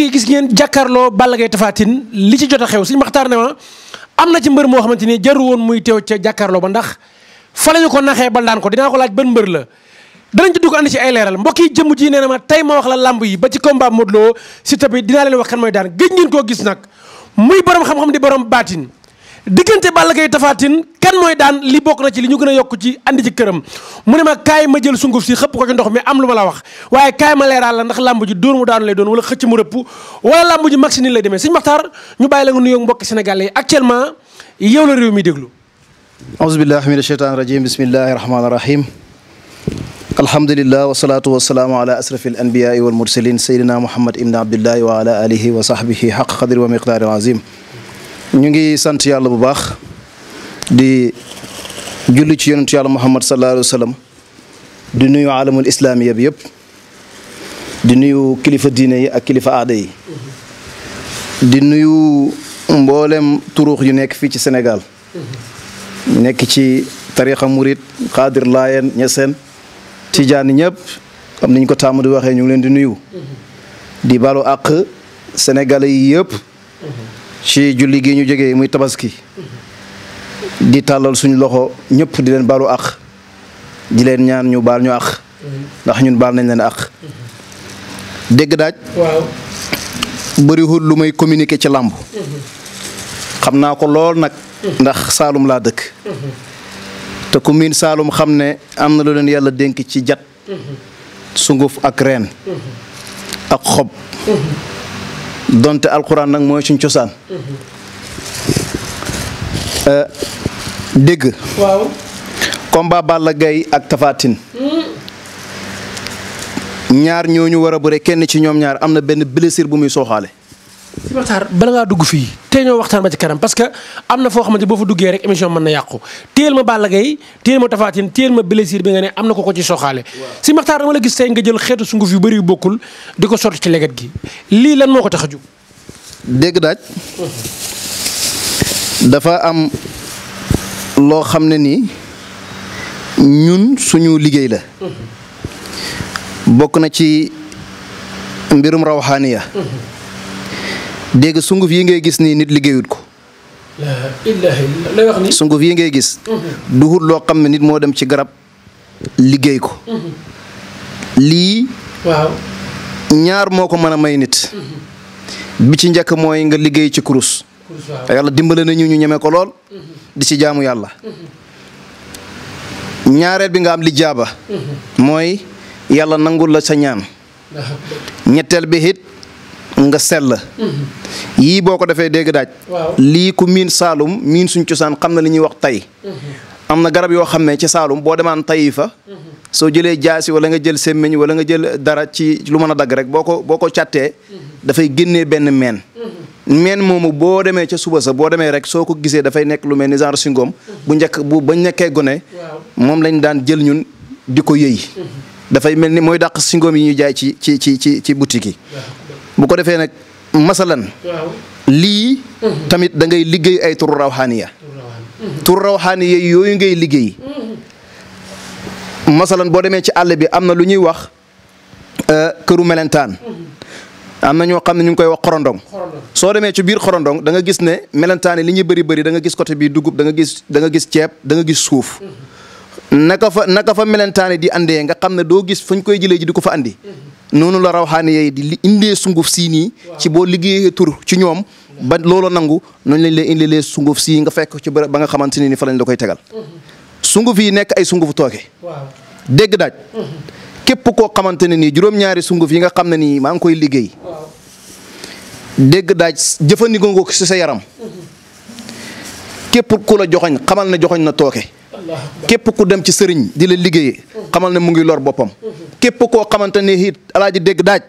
mbokk gis ngeen jàkkaarloo Balla Gaye Tapha Tine li ci jot a xew suñu maxtaar ne ma am na ci mbër moo xamante ni jaru woon muy teew ca jàkkaarloo ba ndax fa la ñu ko naxee ba daan ko dinaa ko laaj ban mbër la dana ci dugg andi ci ay leeral mbokk yi jëmm ji nee na ma tey ma wax la làmb yi ba ci combat Modou Lo si tabi dinaa leen wax kan mooy daan gëj ngeen koo gis nag muy borom xam-xam di borom baatin diggante Balla Gaye Tapha Tine kan mooy daan li bokk na ci li ñu gën a yokk ci andi ci këram mu ne ma kaay ma jël sunguf si xëpp ko ci ndox mi am lu ma la wax waaye kaay ma leeraal la ndax làmb ji dóor mu daanu lay doon wala xëcc mu rëpp wala làmb ji lay demee sëñ Maxtaar ñu bàyyi la nga nuyoo mbokki Sénégalais yi actuellement yow la réew mi déglu aousubillah min asheytan rajim bismillahi rahmani rahim alhamdulilah wasalatu wasalaamu ala asrafi al anbiyai wal mursalin sayidina muhammad ibni abdillahi wa ala alihi wa sahbihi xaq qadri wa miqdaari ñu ngi sant yàlla bu baax di julli ci yonentu yàlla muhammad sallallahu alayhi di nuyu alamul islaamiya bi yëpp di nuyu kilifa diine yi ak kilifa aada yi di nuyu mboolem turux yu nekk fii ci Sénégal nekk ci tarixa murit xaadir laayeen ñeseen tijaani ñëpp am niñ ko taamu di waxee ñu ngi leen di nuyu di balu àq sénégalais yi yëpp ci julli gi ñu jógee muy tabaski di tàllal suñu loxo ñëpp di leen baalu àq di leen ñaan ñu baal ñu àq ndax ñun baal nañ leen àq dégg daaj waaw lu may communiquer ci làmb xam naa ko lool nag ndax saalum laa dëkk te ku miin saalum xam ne am na lu leen yàlla dénk ci jat sunguf ak reen ak xob donte alxuraan nag mooy suñ cosaan. Mhm. Euh, dégg. waaw. combat Balla Gaye ak Tapha mhm. ñaar ñaar ñu war a bëre kenn ci ñoom ñaar am na benn blessure bu muy sooxaale. si bala ngaa dugg fii tey ñoo waxtaan ba ci kanam parce que am na foo xamante boo fa duggee rek émission mën na yàqu téel ma Balla Gaye téel ma Tapha Tine téel ma blessure bi nga ne am na ko ko ci soxaale si waxtaan dama la gis tey nga jël xeetu sunguf yu bari bokkul di ko sotti ci leget gi lii lan moo ko tax a dégg daaj dafa am loo xam ne nii ñun suñu liggéey la bokk na ci mbirum rawxaaniya dégg sunguf yi ngay gis nii nit liggéeyut ko. sunguf yi ngay gis. Mhm. duhut loo xam ne nit moo dem ci garab liggéey ko. Mhm. lii. ñaar moo ko mën a may nit. Mhm. bi ci njëkk mooy nga liggéey ci kurus. yàlla dimbale nañu ñu ñeme ko lool. di ci jaamu yàlla. ñaareel bi nga am li jaaba. mooy yàlla nangul la sa ñaan. ñetteel bi it. nga sell. yii boo ko defee dégg daaj. lii ku miin Saalum miin suñ cosaan xam na li ñuy wax tay mm-hmm. am na garab yoo xam ne ca Saalum boo demaan tayi fa. Mm-hmm. soo jëlee jaasi wala nga jël semmiñ wala nga jël dara ci lu mën a dagg rek boo ko boo ko càttee. Mm-hmm. dafay génne benn meen. meen moomu boo demee ca suba sax boo demee rek soo ko gisee dafay nekk lu mel ni genre singoom bu njëkk bu ba nekkee gone. moom lañ daan jël ñun di ko yëy. dafay mel ni mooy dàq singoom yi ñuy jaay ci ci ci ci ci boutique yi. bu ko defee nag masalan lii tamit dangay liggéey ay turu rawxaaniya turu rawxaaniya yooyu ngay liggéey masalan boo demee ci àll bi am na lu ñuy wax euh, këru melentaan am na ñoo xam ne ñu ngi koy wax xorondong soo demee ci biir xorondong da nga gis ne melentaan yi li ñuy bari bëri da nga gis côté bii dugub da gis da gis ceeb danga gis suuf naka fa naka fa melentaan di andee nga xam ne doo gis fañ koy jëlee ji di ko fa andi noonu la rawxaane yooyu di indee sunguf sii nii ci boo liggéey tur ci ñoom ba loolu nangu noonu la lay indilee sunguf sii nga fekk ci bërëb ba nga xamante ne ni fa lañ koy tegal sunguf yi nekk ay sungufu tooke dégg daaj mm-hmm. koo xamante ne nii juróom-ñaari sunguf yi nga xam ne nii maa ngi koy liggéey dégg daaj jëfandikoo nga si sa yaram mm-hmm. képp ku la joxoñ xamal na joxoñ na tooke képp ku dem ci sëriñ di la liggéey xamal ne mu ngi loor boppam képp koo xamante ne it dégg daaj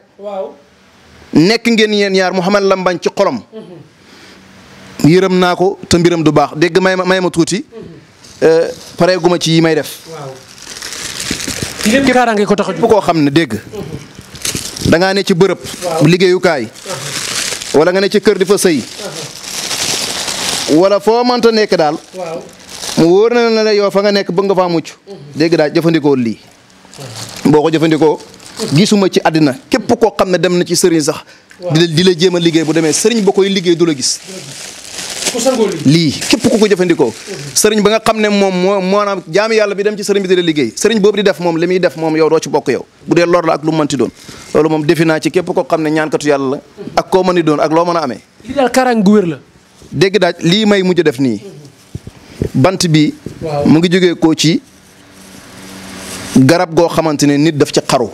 nekk ngeen yéen ñaar Mouhamed Lambagne ci xolom yërëm naa ko te mbiram du baax dégg may ma may ma tuuti euh, pareeguma ci yi may def képp koo xam ne dégg da ngaa ne ci bërëb liggéeyukaay wala nga ne ci kër di fa sëy wala foo mënta nekk daal mu wóor na la ne yow fa nga nekk bëgg nga faa mucc léegi daal jëfandikoo lii boo ko jëfandikoo gisuma ci àddina képp koo xam ne dem na ci sëriñ sax di la jéem a liggéey bu demee sëriñ ba koy liggéey du la gis lii képp ku ko jëfandikoo sëriñ ba nga xam ne moom moo maanaam jaam yàlla bi dem ci sëriñ bi di la liggéey sëriñ boobu di def moom li muy def moom yow doo ci bokk yow bu dee lor la ak lu mënti doon loolu moom defi naa ci képp koo xam ne ñaankatu yàlla la ak koo mën doon ak loo mën a amee lii daal la dégg daaj lii may mujj def nii bant bi mu ngi jógee koo ci garab goo xamante ne nit daf ci xaru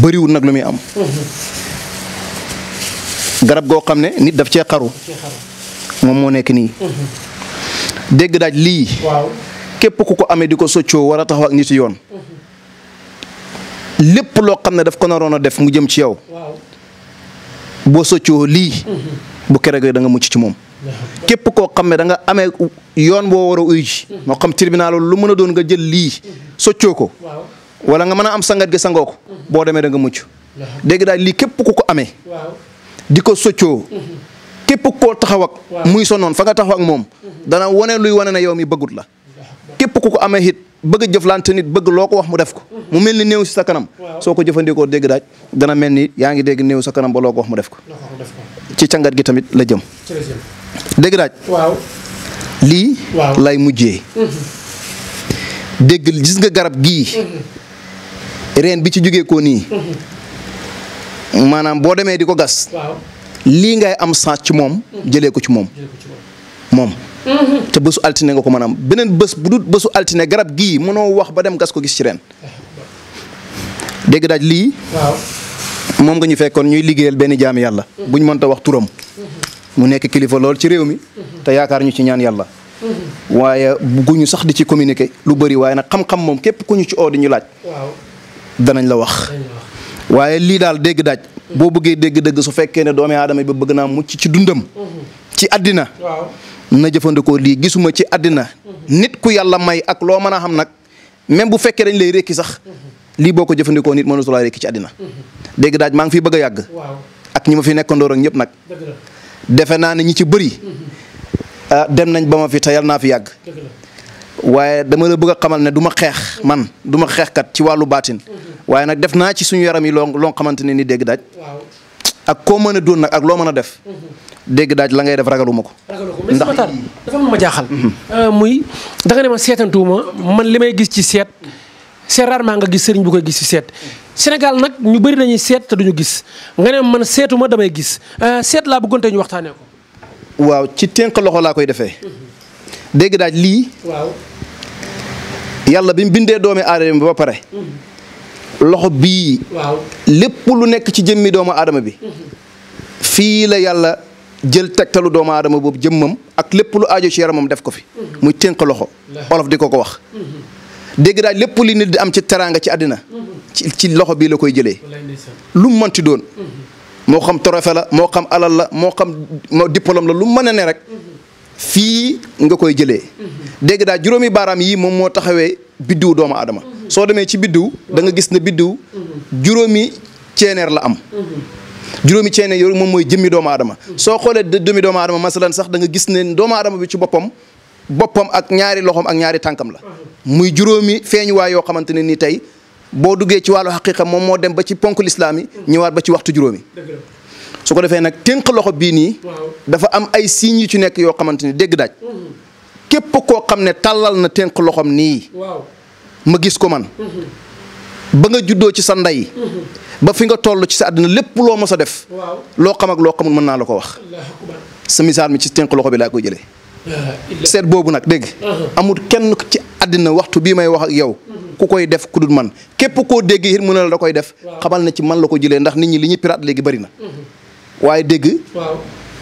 bëriwul nag lu muy am mhm. garab goo xam ne nit daf cee xaru moom moo nekk nii mhm. dégg daaj lii képp ku ko amee di ko soccoo wara a taxaw ak nit yoon mhm. lépp loo xam ne daf ko naroon a def mu jëm ci yow boo soccoo lii bu keroog da nga mucc ci moom képp koo xam ne da nga amee yoon boo war a uyu moo xam tribunal lu mën a doon nga jël lii soccoo ko wala nga mën a am sangat gi sangoo ko boo demee da nga mucc dégg daal lii képp ku ko amee di ko soccoo képp koo taxaw ak muy sonoon fa nga taxaw ak moom dana wane luy wane ne yow mi bëggut la képp ku ko amee it bëgg jëflante nit bëgg loo ko wax mu def ko mu mel ni néew si sa kanam soo ko jëfandikoo dégg daaj dana mel ni yaa ngi dégg néew sa kanam ba loo ko wax mu ci cangat gi tamit la jëm. dégg daaj waaw lii. lay mujjee. dégg gis nga garab gii. reen bi ci jógee ko nii. maanaam boo demee di ko gas. lii ngay am sens ci moom. jëlee ko ci moom. moom. te bésu altine nga ko mën a am beneen bés bu dul bésu altine garab gii mënoo wax ba dem gas ko gis ci ren. Eh, dégg daaj lii. moom nga ñu fekkoon ñuy liggéeyal benn jaami yàlla buñ mënta wax turam mu nekk kilifa lool ci réew mi te yaakaar ñu ci ñaan yàlla waaye bugguñu sax di ci communiquer lu bari waaye nag xam-xam moom képp ku ñu ci oo di ñu laaj danañ la wax waaye lii daal dégg daaj boo bëggee dégg-dëgg su fekkee ne doomi aadama bi bëgg naa mucc ci dundam mhm. ci àddina na jëfandikoo lii gisuma ci àddina mhm. nit ku yàlla may ak loo mën a xam nag même bu fekkee dañ lay rékki sax mhm. lii boo ko jëfandikoo nit mënu sulaa rekk ci àddina dégg daaj maa ngi fi bëgg a yàgg ak ñi ma fi nekkandoor ak ñëpp nag defe naa ne ñi ci bëri ah, dem nañ ba ma fi te naa fi yàgg waaye dama la bëgg a xamal ne du ma xeex man duma ma xeexkat ci wàllu baatin mm-hmm. waaye nag def naa ci suñu yaram yi loo loo xamante ne ni dégg daaj ak koo mën a doon nag ak loo mën a def mm-hmm. dégg daaj la def ragaluma ko ndax dafa mm-hmm. euh, muy da nga ne ma man li may gis ci seet c'est rarement nga gis sëriñ bu koy gis ci seet Sénégal nag ñu bari nañuy seet te duñu gis nga ne man seetu ma damay gis euh, seet laa bëggoon tey ñu waxtaanee ko. waaw ci tënk loxo laa koy defee. dégg daaj lii. waaw. yàlla bi mu bindee doomi aadama bi ba pare. loxo bii. waaw lépp lu nekk ci jëmmi doomu aadama bi. fii la yàlla jël tegtalu doomu aadama boobu jëmmam ak lépp lu aajo ci yaramam def ko fi. Mm-hmm. muy tënk loxo. olof di ko ko wax. Mm-hmm. dégg daal lépp li nit di am ci teraanga ci àddina ci ci loxo bii la koy jëlee lu mu mënti doon moo xam trophée la moo xam alal la moo xam moo diplôme la lu mën a ne rek fii nga koy jëlee dégg daal juróomi baaraam yii moom moo taxawee biddiw doomu aadama soo demee ci biddiw da nga gis ne biddiw juróomi ceeneer la am juróomi ceeneer yooyu moom mooy jëmmi doomu aadama soo xoolee dëmmi doomu aadama masalan sax danga nga gis ne doomu aadama bi ci boppam boppam ak ñaari loxoom ak ñaari tànkam la muy juróomi feeñuwaay yoo xamante ne ni tey boo duggee ci wàllu xaqiqa moom moo dem ba ci ponk lislaam yi ñëwaat ba ci waxtu juróomi su ko defee nag tënk loxo bii nii dafa am ay signes yu ci nekk yoo xamante ni dégg daaj mhm. képp koo xam ne tàllal na tënk loxoom nii ma gis ko man mhm. ba nga juddoo ci sa ndey mhm. ba fi nga toll ci sa àddina lépp loo mos a def loo xam ak loo xamul mën naa la ko wax sa misaal mi ci tënk loxo bi laa koy jëlee seet boobu nag dégg uh-huh. amul kenn ci addina waxtu bii may wax ak yow ku koy def ku dul man képp koo dégg it mu ne la da koy def xamal na ci man la ko jëlee ndax nit ñi li ñuy pirate léegi bari na uh-huh. waaye dégg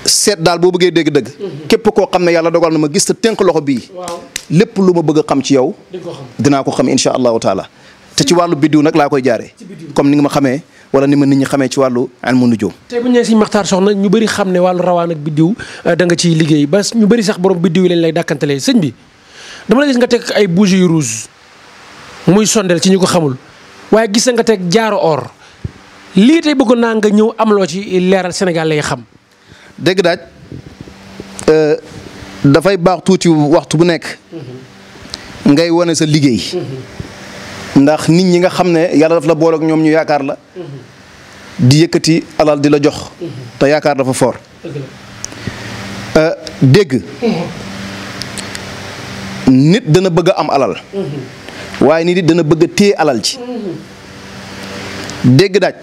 seet daal boo bëggee dëgg dëgg uh-huh. képp koo xam ne yàlla dogal na ma gis ta tënk loxo bii lépp lu ma bëgg xam ci yow dinaa ko xam insha allahu taala te ci wàllu biddiw nag laa koy jaaree comme ni nga ma xamee wala ni ma nit ñi xamee ci wàllu ilmu nujum tey bu ñu nee Sëriñ soxna ñu bari xam ne wàllu rawaan ak biddiw eh, da nga ciy liggéey ba ñu bëri sax borom biddiw lañ lay dàkkantalee sëñ bi dama gis nga teg ay bougie yu rouge muy sondel ci ñu ko xamul waaye gis nga teg jaaro or lii tey bëggoon naa nga ñëw am loo ci leeral Sénégal lay xam. dégg daaj euh, dafay baax tuuti waxtu bu nekk. Mm-hmm. ngay wane sa liggéey. Mm-hmm. ndax nit ñi nga xam ne yàlla daf la boole ñoom ñu yaakaar la di yëkkati alal di la jox te yaakaar dafa foor euh, dégg nit dana bëgg am alal waaye nit dana bëgg a téye alal ci dégg daaj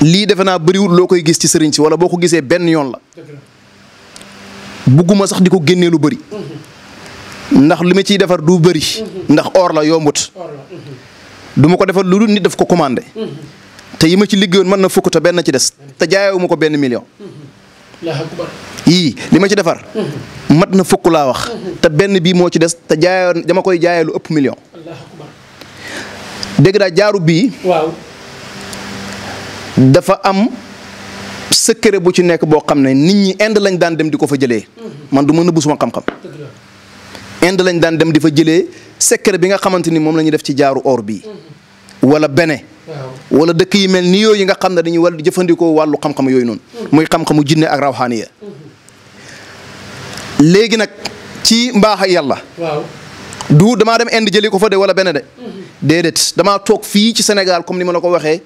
lii defe naa bëriwul loo koy gis ci sëriñ si wala boo ko gisee benn yoon la bugguma sax di ko génnee lu bari ndax li ma ciy defar du bari ndax or la yombut duma ko defar lu dul nit daf ko commandé te yi ma ci liggéeyoon mën na fukk benn ci des te jaayewu ko benn million yii li ci defar mat na fukk laa wax te benn bii moo ci des te jaayoon dama koy jaayee lu ëpp million dégg daa jaaru bii waaw dafa am secret bu ci nekk boo xam ne nit ñi Inde lañ daan dem di ko fa jëlee man du ma nëbb suma xam-xam Inde lañ daan dem di fa jëlee secret bi nga xamante ni moom la def ci jaaru or bi wala bene wala dëkk yi mel ni yooyu nga xam ne dañuy war di jëfandikoo wàllu xam-xam yooyu noonu mooy mm-hmm. xam-xamu jinne ak rawxaaniya mm-hmm. léegi nag ci mbaax ak yàlla du damaa dem Inde jëli ko fa de wala bene de mm-hmm. déedéet damaa toog fii ci senegal comme ni ma la ko waxee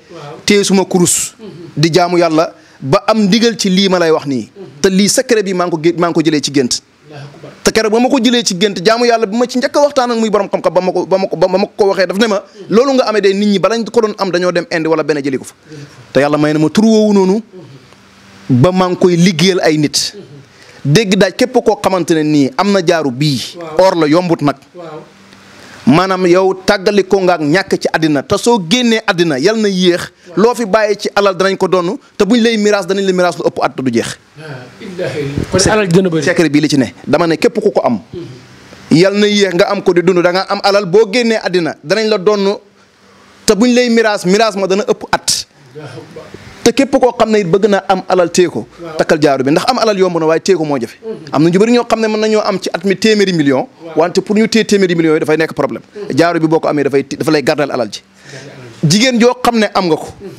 tee suma kurus di jaamu yàlla ba am ndigal ci lii ma lay wax nii te lii secret bi maa ngi ko maa ngi ko jëlee ci gént te kere ba ma ko jëlee ci gént jaamu yàlla bi ma ci njëkk a waxtaan muy borom xam-xam ba ma ko ba ma ko ba ko waxee daf ne ma loolu nga amee de nit ñi balañ ko doon am dañoo dem indi wala benn jëli ko fa te yàlla may na ma tur woowu noonu ba maa ngi koy liggéeyal ay nit dégg daaj képp koo xamante ne nii am na jaaru bii or la yombut nag maanaam yow tàggalikoo nga ak ñàkk ci àddina te soo génnee àddina yal na yéex loo fi bàyyi ci alal danañ ko donn te buñ lay miraas danañ la miraas lu ëpp at du jeex. kon alal gën a bëri secret bii li ci ne dama ne képp ku ko am. yal na yéex nga am ko di dund da am alal boo génnee àddina danañ la donn te buñ lay miraas miraas ma dana ëpp at. te képp koo xam ne it bëgg naa am alal téye ko takkal jaaro bi ndax am alal yomb na waaye téye moo jafe mhm. am na ñu bëri ñoo xam ne mën nañoo am ci at mi téeméeri million wante pour ñu téye téeméeri millions yi dafay nekk problème mhm. jaaru bi boo ko amee dafay dafa lay alal ji jigéen joo xam ne am nga ko mhm.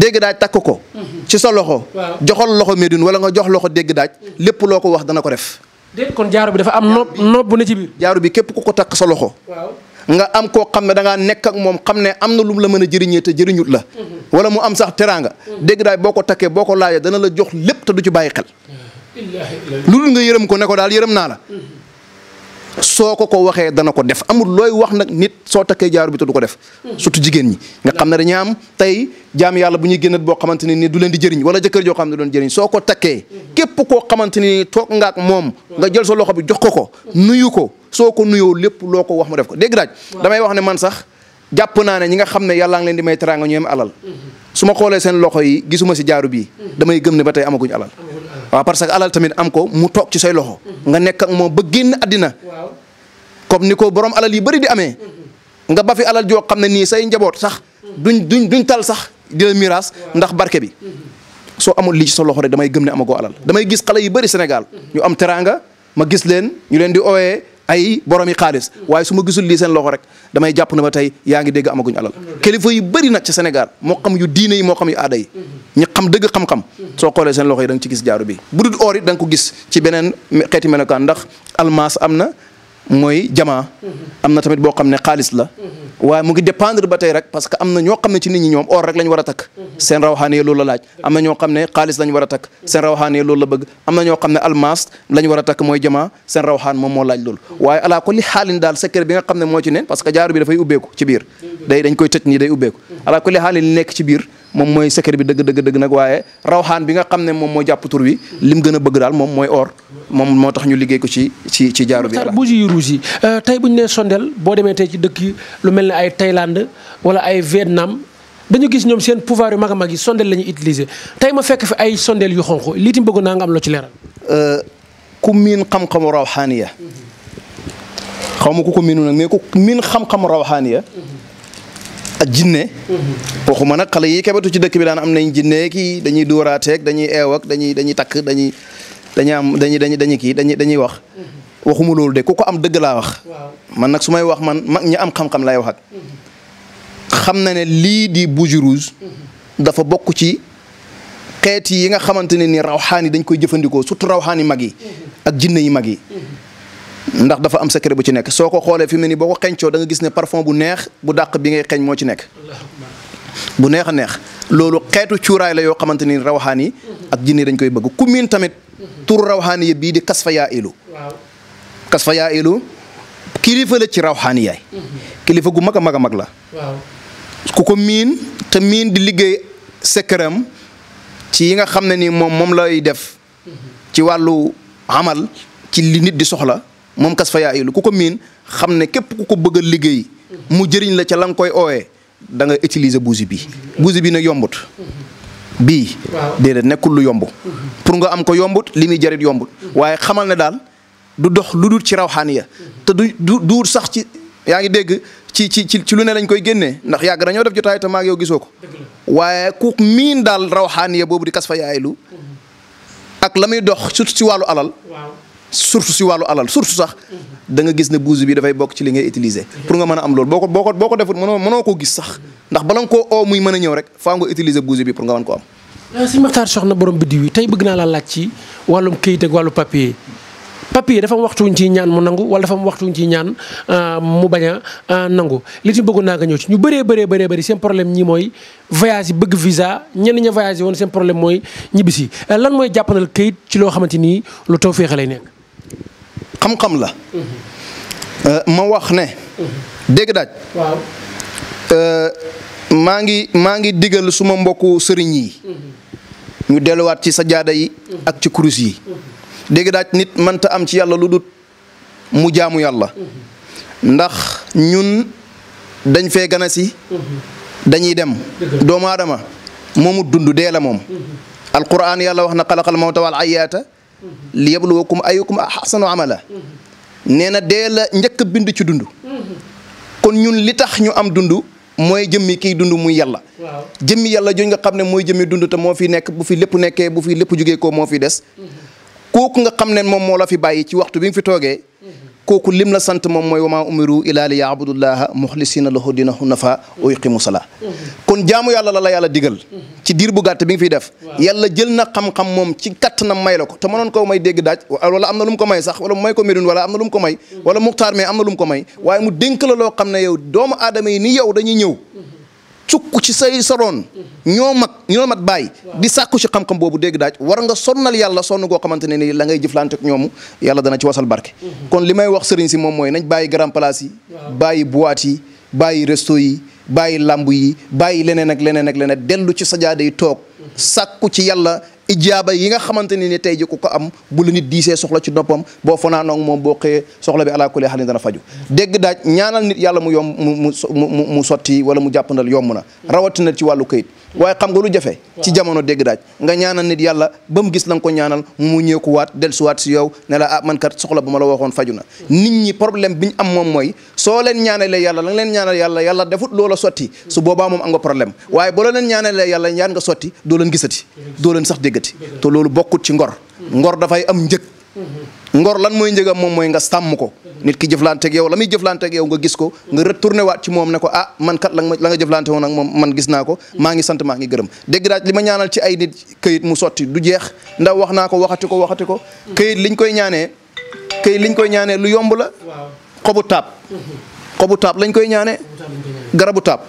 dégg daaj takk ko ci sa loxo joxal loxo Médine wala nga jox loxo dégg daaj lépp loo ko wax dana ko def déet kon jaaru bi dafa am nopp nopp bu ci biir jaaru bi képp ku ko takk sa loxo nga am ko xam ne da nekk ak moom xam ne am na lu la mën a jëriñee ta jëriñut la wala mu am sax teraanga dégg daay boo ko takkee boo ko laajee dana la jox lépp te du ci bàyyi xel lu dul nga yërëm ko ne ko daal yërëm naa la soo ko ko waxee dana ko def amul looy wax nag nit soo takkee jaaru bi te du ko def hmm. surtout jigéen ñi nga xam ne dañuy am tey jaam yàlla bu ñuy génnat boo xamante ne ni du leen di jëriñ wala jëkkër joo xam ne du leen soo ko takkee hmm. képp koo xamante ni toog nga moom nga jël sa loxo bi jox ko ko hmm. nuyu ko soo ko nuyoo lépp loo ko wax mu def ko dégg daaj wax ne man sax jàpp naa ne ñi nga xam ne yàllaa ngi leen di may teraanga ñu am alal su ma xoolee seen loxo yi gisuma si jaaru bii damay gëm ne ba tey amaguñ alal waaw parce que alal tamit am ko mu toog ci say loxo. nga nekk ak moom ba génn àddina. comme ni ko borom alal yi bari di amee. nga ba fi alal joo xam ne nii say njaboot sax. du duñ duñ tal sax di la miraas ndax barke bi. soo amul lii ci sa loxo rek damay gëm ne amagoo alal damay gis xale yu bëri Sénégal. ñu am teraanga ma gis leen ñu leen di owee ay boroomi xaalis waaye su ma gisul li seen loxo rek damay jàpp na ba tey yaa ngi dégg amaguñ alal kilifa yu bëri na ci Sénégal moo xam yu diine yi moo xam yu aada yi ñi xam dëgg xam-xam soo xoolee seen loxo yi da ci gis jaaru bi bu dul or it ko gis ci beneen xeeti melokaan ndax almaas am na mooy jamaa am na tamit boo xam ne xaalis la waaye mu ngi dépendre ba tey rek parce que am na ñoo xam ne ci nit ñoom or rek la ñu a takk seen rawxaane loolu la laaj xam ne xaalis la ñu war a na ñoo xam ne almaas la ñu a mooy jamaa seen rawxaan moom moo laaj loolu waaye alaa kulli xaalin daal secret bi nga xam ne moo ci neen parce que jaaru bi dafay ubbeeku ci biir day dañ koy tëj nii day ubbeeku alaa kulli xaalin nekk ci biir moom mooy secret bi dëgg dëgg dëgg nag waaye rawxaan bi nga xam ne moom moo jàpp wi lim gën a bëgg daal moom mooy or moom moo tax ñu liggéey ko ci ci ci jaaro bi bougie yu rouge yi euh, tey bu ñu nee sondeel boo demee tey ci dëkk yi lu mel ne ay Thaïlande wala ay Vietnam dañu gis ñoom seen pouvoir yu mag a mag yi sondeel utiliser tey ma fekk fi ay sondeel yu xonq lii tam bëgg naa nga am loo ci leeral euh, ku miin xam-xamu rawxaaniya xaw ma ku ko miinu nag mais ku miin xam-xamu rawxaaniya jinne waxuma nag xale yi kebatu ci dëkk bi daan am nañ jinne kii dañuy dóoraateeg dañuy eew ak dañuy dañuy takk dañuy dañuy am dañuy dañuy dañuy kii dañuy dañuy wax waxuma loolu de ko ko am dëgg laa wax man nag su may wax man mag ñi am xam-xam lay wax ak xam na ne lii di bougie rouge dafa bokk ci xeet yi nga xamante ne ni rawxaan yi dañ koy jëfandikoo surtout rawxaan yi mag yi ak jinne yi mag yi ndax dafa am secret bu ci nekk soo ko xoolee fi mu ne nii boo ko xeñcoo da nga gis ne parfum bu neex bu dàq bi ngay xeñ moo ci nekk bu neex a neex loolu xeetu cuuraay la yoo xamante ni rawaxaan yi ak jinne dañ koy bëgg ku miin tamit tur rawaxaan yi bii di kas fa yaa ilu kilifa la ci rawaxaan yaay kilifa gu mag a mag a mag la ku ko miin te miin di liggéey secretam ci yi nga xam ne nii moom moom lay def ci wàllu amal ci li nit di soxla moom kas fa yaa lu ku ko miin xam ne képp ku ko bëgg liggéey mu jëriñ la ca lang koy oowee danga nga utiliser buusi bi buusi bi nag yombut bii déedéet nekkul lu yomb pour nga am ko yombut li muy jarit yombut waaye xamal ne daal du dox lu dul ci rawxaaniya te du du duur sax ci yaa ngi dégg ci ci ci lu ne lañ koy génnee ndax yàgg nañoo def jotaay te maag yow gisoo ko waaye ku miin daal rawxaaniya boobu di kas fa yaaylu ak la muy dox surtout ci wàllu alal surtout si wàllu alal surtout sax da nga gis ne bouse bi dafay bokk ci li ngay utiliser pour nga mën a am loolu boo ko boo ko boo ko defut mënoo mënoo koo gis sax ndax bala nga koo oo mën a ñëw rek faa nga utiliser bouse bi pour nga mën ko am. Euh, sëñ Maxtaar soxna borom biddiw yi tey bëgg naa laa laaj ci wàllum këyit ak wàllu papier papier dafa am waxtu wuñ ñaan mu nangu wala dafa mu waxtu ci ñaan euh, mu bañ a euh, nangu li ci bëggoon naa nga ñëw ci ñu bëree bëree bare bëri seen problème ñi mooy voyage yi bëgg visa ñenn ña voyage woon seen problème mooy ñibbisi lan mooy jàppandal këyit ci loo xamante nii lu tawféex lay nekk xam-xam la. Euh, ma wax ne. dégg daaj. Euh, maa ngi maa ngi digal suma mbokku sëriñ yi. ñu delluwaat ci sajaada yi. ak ci kurus yi. dégg nit mënta am ci yàlla lu dut mu jaamu yàlla. ndax ñun dañ fee gana si. dañuy dem. doomu aadama moomu dund dee la moom. alquran yàlla wax na xalaqal mawta wal ayaata li yabluwakum ayukum ahsanu amala nee na dee la njëkk a bind ci dund kon ñun li tax ñu am dund mooy jëmmi kii dund muy yàlla jëmmi yàlla jooju nga xam ne mooy jëmmi dund te moo fi nekk bu fi lépp nekkee bu fi lépp jógee koo moo fi des mm-hmm. kooku nga xam ne moom moo la fi bàyyi ci waxtu bi fi toogee kooku lim la sant moom mooy wamaa umiru ilaa li yaabudullaha muxlisina lahu dinahu nafa wa yuqimu salaa kon jaamu yàlla la la yàlla digal ci diir bu gàtt bi nga fiy def yàlla jël na xam-xam moom ci kattanam may la ko te mënoon koo may dégg daaj wala am na lu mu ko may sax wala mu may ko médun wala am na lu mu ko may wala na lu mu ko waaye mu dénk la loo xam doomu aadama ni yow dañuy ñëw cukk ci say soroon ñoo mag ñoo mat bàyyi di sàkku ci xam-xam boobu dégg daaj war nga sonnal yàlla sonn goo xamante ne ni la ngay jëflante ak ñoomu yàlla dana ci wasal barke kon li may wax sëriñ si moom mooy nañ bàyyi grand place yi bàyyi boîte yi bàyyi resto yi bàyyi lamb yi bàyyi leneen ak leneen ak leneen dellu ci sajaada yi toog sàkku ci yàlla ijaaba yi nga xamante ne ni tey ji ku ko am bu la nit diisee soxla ci noppam boo fanaanoog moom boo xëyee soxla bi alaa kulli xalin dana faju dégg daaj ñaanal nit yàlla mu yomb mu mu mu sotti wala mu jàppandal yomb na rawatina ci wàllu këyit waaye xam nga lu jafe ci jamono dégg daaj nga ñaanal nit yàlla ba mu gis la ko ñaanal mu ñëeku waat waat si yow ne a ah, man kat soxla ba ma la waxoon faju na nit ñi problème bi ñu am moom mooy soo leen ñaanalee yàlla la leen ñaanal yàlla yàlla defut loola sotti su boobaa moom am nga problème waaye boo leen ñaanalee yàlla ñaan nga sotti doo leen gisati doo leen sax yëkkati loolu bokkut ci ngor ngor dafay am njëg ngor lan mooy njëgam moom mooy nga sàmm ko nit ki jëflanteeg yow la muy jëflanteeg yow nga gis ko nga retourné waat ci moom ne ko ah man kat la nga jëflante woon ak moom man gis naa ko maa ngi sant maa ngi gërëm dégg naa ma ñaanal ci ay nit këyit mu sotti du jeex ndax wax naa ko waxati ko waxati ko këyit liñ koy ñaane këyit liñ koy ñaanee lu yomb la xobu taab xobu taab lañ koy ñaanee garabu taab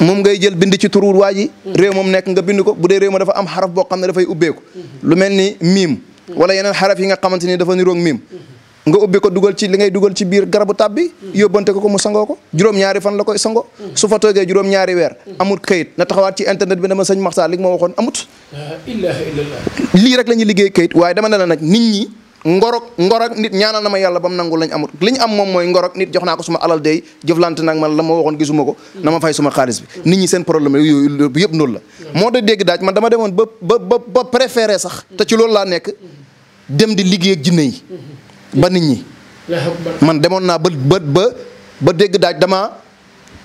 moom ngay jël bind ci turur waa ji mm. moom nekk nga bind ko bu dee réew ma dafa am xaraf boo xam ne dafay ubbeeku mm-hmm. lu mel ni miim mm-hmm. wala yeneen xaraf yi nga xamante ni dafa niroog miim mm-hmm. nga ubbi ko dugal ci li ngay dugal ci biir garabu tab bi yóbbante ko ko mu sangoo ko juróom-ñaari fan la koy sango su fa toogee juróom-ñaari weer amut këyit na taxawaat ci internet bi dama sëñ Maxtaar li ma waxoon amut lii rek la ñuy liggéey kayit waaye dama ne la nag nit ñi ngorog ngorog nit ñaanal na ma yàlla ba mu nangu lañ amut li ñu am moom mooy ngorog nit jox naa ko suma alal dey jëflante nag man la ma waxoon gisuma ko hmm. na ma fay suma xaalis bi nit ñi seen problème yooyu yëpp noonu la hmm. moo da dégg daaj man dama demoon ba ba ba préféré sax hmm. te ci loolu laa nekk di liggéey ak ñi man demoon naa ba ba ba ba dégg daaj damaa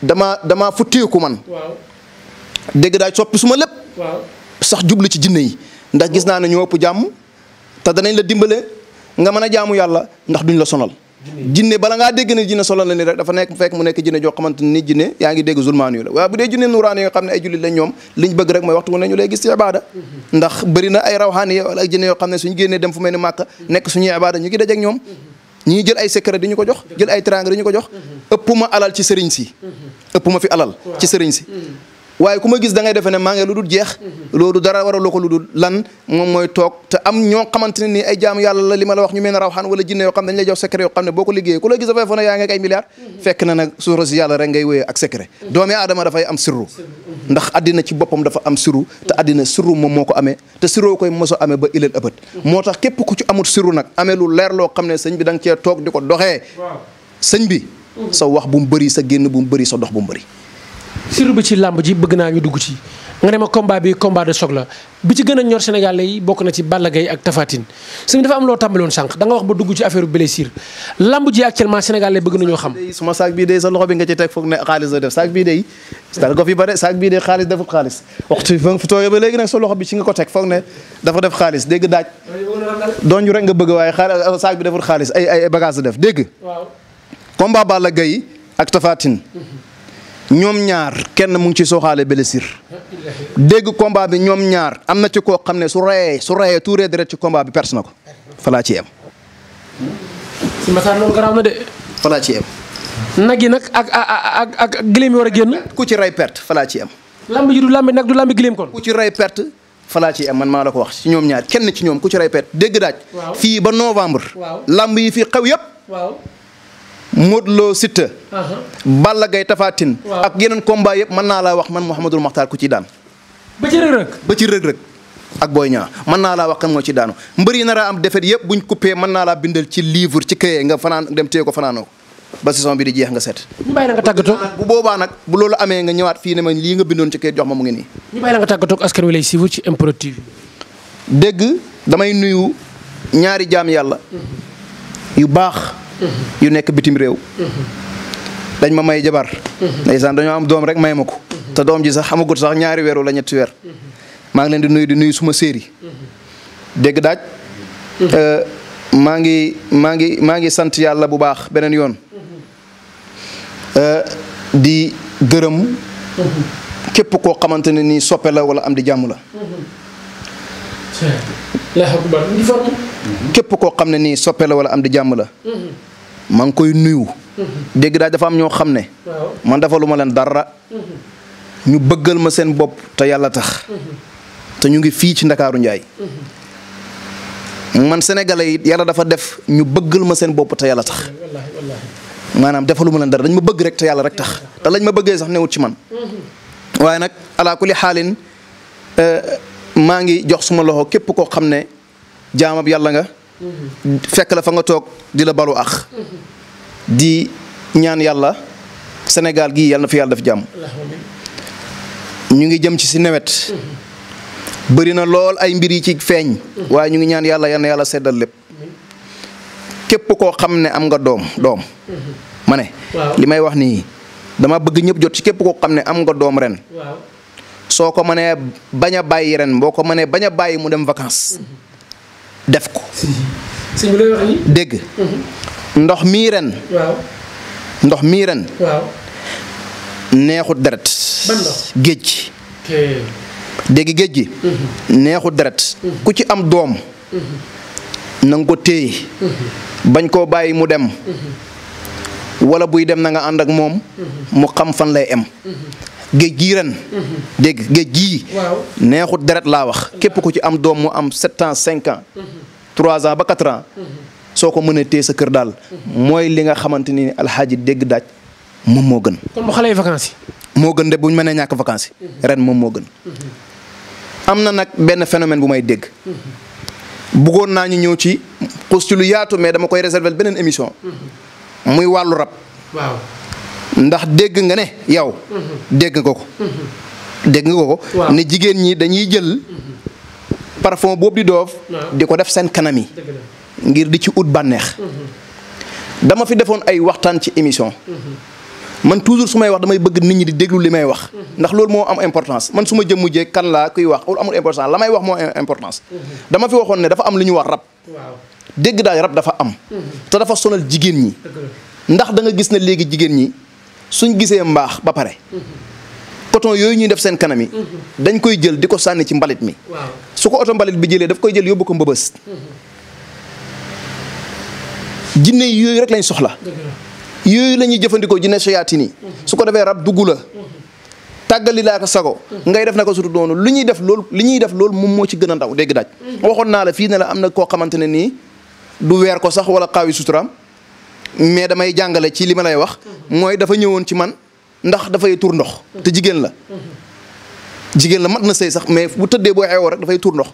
damaa damaa futteeku man dégg daaj soppi suma lépp sax jublu ci jinne yi ndax gis naa ne ñoo ëpp jàmm te danañ la dimbale nga mën a jaamu yàlla ndax duñ la sonal jinne bala ngaa dégg ne jinne sonal la ni rek dafa nekk fekk mu nekk jinne joo xamante ni jinne yaa ngi dégg zulmaan yu la waaye bu dee jinne nuraan yi nga xam ne ay jullit la ñoom liñ bëgg rek mooy waxtu wu ne ñu lay gis ci ibaada ndax bëri na ay rawxaani yi wala ak jinne yoo xam ne suñu génnee dem fu mel ni màkka nekk suñuy ibaada ñu ngi dajeek ñoom ñi ngi jël ay secret di ñu ko jox jël ay trang di ñu ko jox ëpp ma alal ci sëriñ si ëpp ma fi alal ci sëriñ si waaye kuma ma gis da ngay defe ne maa ngi lu dul jeex loolu dara waraloo ko lu du lan moom mooy toog te am ñoo xamante ne nii ay jaam yàlla la li ma la wax ñu mel ne rawxaan wala jinne yoo xam dañ lay jox secret yoo xam ne boo ko liggéeyee ku la gis dafay fo ne yaa ngi ay milliards nag suura si yàlla rek ngay wéyee ak secret doomi aadama dafay am sirru ndax addina ci boppam dafa am sirru te addina siru moom moo ko amee te sirru koy moso amee ba ilal ëbët moo tax képp ku ci amul sirru nag amee lu leer loo xam ne sëñ bi da nga toog di ko doxee sëñ bi sa wax bu mu bëri sa génn bu mu bëri sa dox bu bëri siru bi ci làmb ji bëgg naa ñu dugg ci nga ne ma combat bi combat de choc la bi ci gën a ñor Sénégalais yi bokk na ci Balla Gaye ak Tapha Tine suñu dafa am loo tàmbaloon sànq da nga wax ba dugg ci affaire blessure làmb ji actuellement Sénégalais bëgg nañoo xam suma sac bii day sa loxo bi nga ci teg foog ne xaalis la def sac bii day dara ko fi bare sac bii day xaalis deful xaalis waxtu fa nga fi toogee ba léegi nag sa loxo bi ci nga ko teg foog ne dafa def xaalis dégg daaj doonju rek nga bëgg waaye xaalis la def dégg combat Balla Gaye ak ñoom ñaar kenn mu ngi ci sooxaale blessure dégg combat bi ñoom ñaar am na ci koo xam ne su rayee su rayee tuuree deret ci combat bi pers na ko falaa ci am si masaar loolu ci yem. nag yi nag ak ak ak gileem yi war a génn. ku ci ray perte falaa ci am lamb ji du lamb nag du lamb gileem kon. ku ci ray perte falaa ci yem man maa la ko wax ci ñoom ñaar kenn ci ñoom ku ci ray perte dégg daaj. fii ba novembre. lamb yi fi xew yépp waaw Modou Lo Siteu. Uh-huh. Balla Gaye Tapha Tine. ak yeneen combat yëpp mën naa laa wax man Mouhamadul Makhtar ku ci daan. ba ci rëg-rëg. ba ci ak Boy Niang naa laa wax kan moo ci daanu mbër yi nar a am defet yëpp buñ coupé laa bindal ci livre ci këyee nga fanaan dem téye bi di jeex nga set. ñu bàyyi la nga tàggatoo bu boobaa nag bu loolu amee fii ne ma lii nga bindoon ci këyit jox ma mu ngi nii. ñu bàyyi la nga tàggatoo dégg damay nuyu ñaari jaam yàlla mm-hmm. yu baax yu nekk bitim réew dañ ma may jabar ndeysaan dañoo am doom rek may ma ko te doom ji sax amagut sax ñaari weeru la ñetti weer maa ngi leen di nuyu di nuyu suma séeri dégg daaj eh, maa ngi maa ngi maa ngi sant yàlla bu baax beneen yoon eh, di gërëm képp koo xamante ne nii soppe la wala am di jàmm la képp koo xam ne nii soppe la wala am di jàmm la. maa ngi koy nuyu. dégg daal dafa am ñoo xam ne. ma dafa ma leen dara. ñu bëggal ma seen bopp te yàlla tax. te ñu ngi fii ci ndakaaru njaay man sénégalais yàlla dafa def ñu bëggal ma seen bopp te yàlla tax. ma leen dara dañ bëgg rek yàlla rek tax te lañ sax newut ci man. waaye nag alaa kulli xaalin euh, maa ngi jox suma loxo képp koo xam ne. jaamab yàlla nga fekk la fa nga toog di la balu ax di ñaan yàlla Sénégal gii yàlla na fi yàlla def jàmm ñu ngi jëm ci si nawet bëri na lool ay mbir yi ci feeñ waaye ñu ngi ñaan yàlla yal yàlla seddal lépp képp koo xam ne am nga doom doom ma ne li may wax nii dama bëgg ñëpp jot ci képp koo xam ne am nga doom ren soo ko mënee bañ a bàyyi ren boo ko mënee bañ a bàyyi mu dem vacances def ko. dégg mm-hmm. ndox mii ren. ndox mii ren. waaw neexut deret. géej dégg géej gi. Mm-hmm. neexut deret. Mm-hmm. ku ci am doom. na ko téye. bañ koo bàyyi mu dem. wala buy dem nanga nga ànd ak moom. mu xam fan lay em. géej gi ren. Mhm. dégg géej gi neexut deret laa wax. Mhm. képp ku ci am doom mu am sept ans cinq ans. Mhm. trois ans ba quatre ans. soo ko mënee téye sa kër daal. mooy li nga xamante ni alxaaji dégg daaj moom moo gën. xale yi moo gën de bu ñu mënee ñàkk vacances yi. moom moo gën. am na nag benn phénomène bu may dégg. bëggoon naa ñu ñëw ci xuus ci lu yaatu mais dama koy réserver beneen émission. muy wàllu rab. ndax dégg nga ne yow. dégg nga ko. dégg nga ko ne jigéen ñi dañuy jël. parfum boobu di doof. di ko def seen kanam yi. ngir di ci ut bànneex. dama fi defoon ay waxtaan ci émission. man toujours su may wax damay bëgg nit ñi di déglu li may wax. ndax loolu moo am importance man su ma jëmmu jee kan laa kuy wax amul importance la may wax moo importance. dama fi waxoon ne dafa am lu ñu wax rab. dégg daal rab dafa am. te dafa sonal jigéen ñi. ndax da gis ne léegi jigéen ñi. suñ gisee mbaax ba pare coton yooyu ñuy def seen kanam yi dañ koy jël di ko sànni ci mbalit mi su ko oto mbalit bi jëlee daf koy jël yóbbu ko mbëbës jinne yooyu rek lañ soxla yooyu lañuy ñuy jëfandikoo jinne soyaati nii su ko defee rab dugg la tàggali laa ko sago ngay def na ko surtout noonu lu ñuy def loolu li ñuy def loolu moom moo ci gën a ndaw dégg daaj mm-hmm. waxoon naa la fii ne la am na koo xamante ne nii du weer ko sax wala xaawi suturaam mais damay jàngale ci li ma lay wax mooy dafa ñëwoon ci man ndax dafay tur ndox te jigéen la jigéen la mat na sëy sax mais bu tëddee boo xewoo rek dafay tuur ndox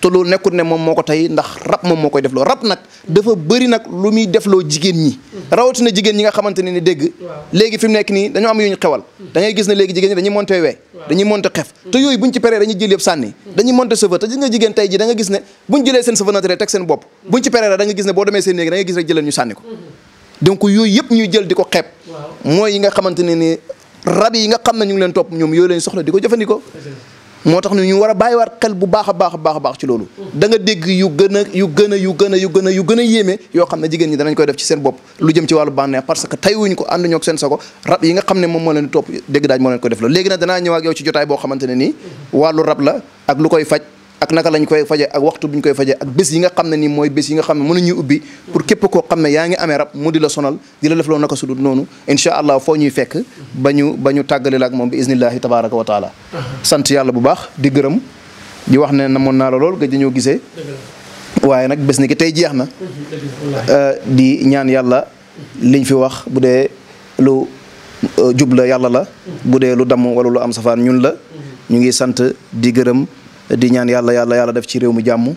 te loolu nekkul ne moom moo ko tey ndax rab moom moo koy defloo rab nag dafa bëri nag lu muy defloo jigéen ñi rawatina jigéen ñi nga xamante ne ni dégg léegi fi nekk nii dañoo am yu ñu xewal hmm. da gis ne léegi jigéen ñi dañuy monté wee dañuy monté xef te yooyu buñ ci peree dañuy jël hmm. te gis nga jigéen tey ji da gis ne buñ jëlee seen cheveux naturel teg seen bopp buñ ci peree da nga gis ne boo demee seen néegi ko hmm. donc yooyu yëpp ñuy jël di ko xeeb mooy yi nga xamante ne ni rab yi nga xam ne ñu ngi leen topp ñoom yooyu lañ soxla di ko jëfandikoo moo tax ne ñu war a bàyyiwaat xel bu baax baax baax a baax ci loolu da nga dégg yu gën a yu gën a yu gën a yu gën yu gën a yéeme yoo xam ne jigéen ñi danañ koy def ci seen bopp lu jëm ci wàllu bànneex parce que tey wuñ ko ànduñoo ak seen sago yi nga xam ne moom moo leen topp dégg daaj moo leen ko def la léegi nag danaa ñëw ak yow ci jotaay boo xamante nii wàllu rab la ak lu koy faj ak naka lañ koy faje ak waxtu biñ koy faje ak bés yi nga xam ne nii mooy bés yi nga xam ne mënuñuy ubbi pour képp ko xam ne yaa ngi amee rab mu di la sonal di la def loo naka sudul noonu incha allah foo ñuy fekk ba ñu ba ñu tàggale ak moom bi isnillahi tabaraka wa taala sant yàlla bu baax di gërëm di wax ne namoon naa la lool nga dañoo gisee waaye nag bés ni ki tey jeex na euh, di ñaan yàlla liñ fi wax bu dee lu euh, jub la yàlla la bu dee lu damm wala lu am safaan ñun la ñu ngi sant di gërëm di ñaan yàlla yàlla yàlla def ci réew mu jàmm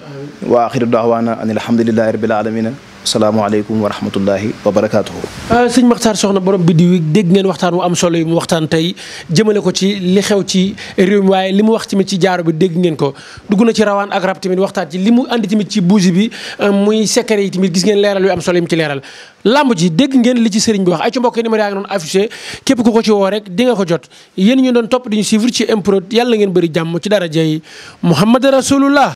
wa axiru daawaana an alhamdulillahi rabbil alamina salaamaaleykum wa rahmatullahi wa barakaatuhu. Euh, sëñ Makhtar soxna borom biddiw yi dégg ngeen waxtaan wu am solo yi waxtaan tey jëmale ko ci li xew ci réew mi waaye li mu wax tamit ci jaaro bi dégg ngeen ko dugg na ci rawaan ak rab tamit waxtaan ci li mu andi tamit ci buusi bi euh, muy secret yi tamit gis ngeen leeral yu am solo yi ci leeral. làmb ji dégg ngeen li ci sëriñ bi wax ay ci mbokk yi numéro yaa ngi noonu képp ku ko ci woo rek di nga ko jot yéen ñu doon topp di ñu suivre ci MPROD yàlla ngeen bëri jàmm ci dara jëy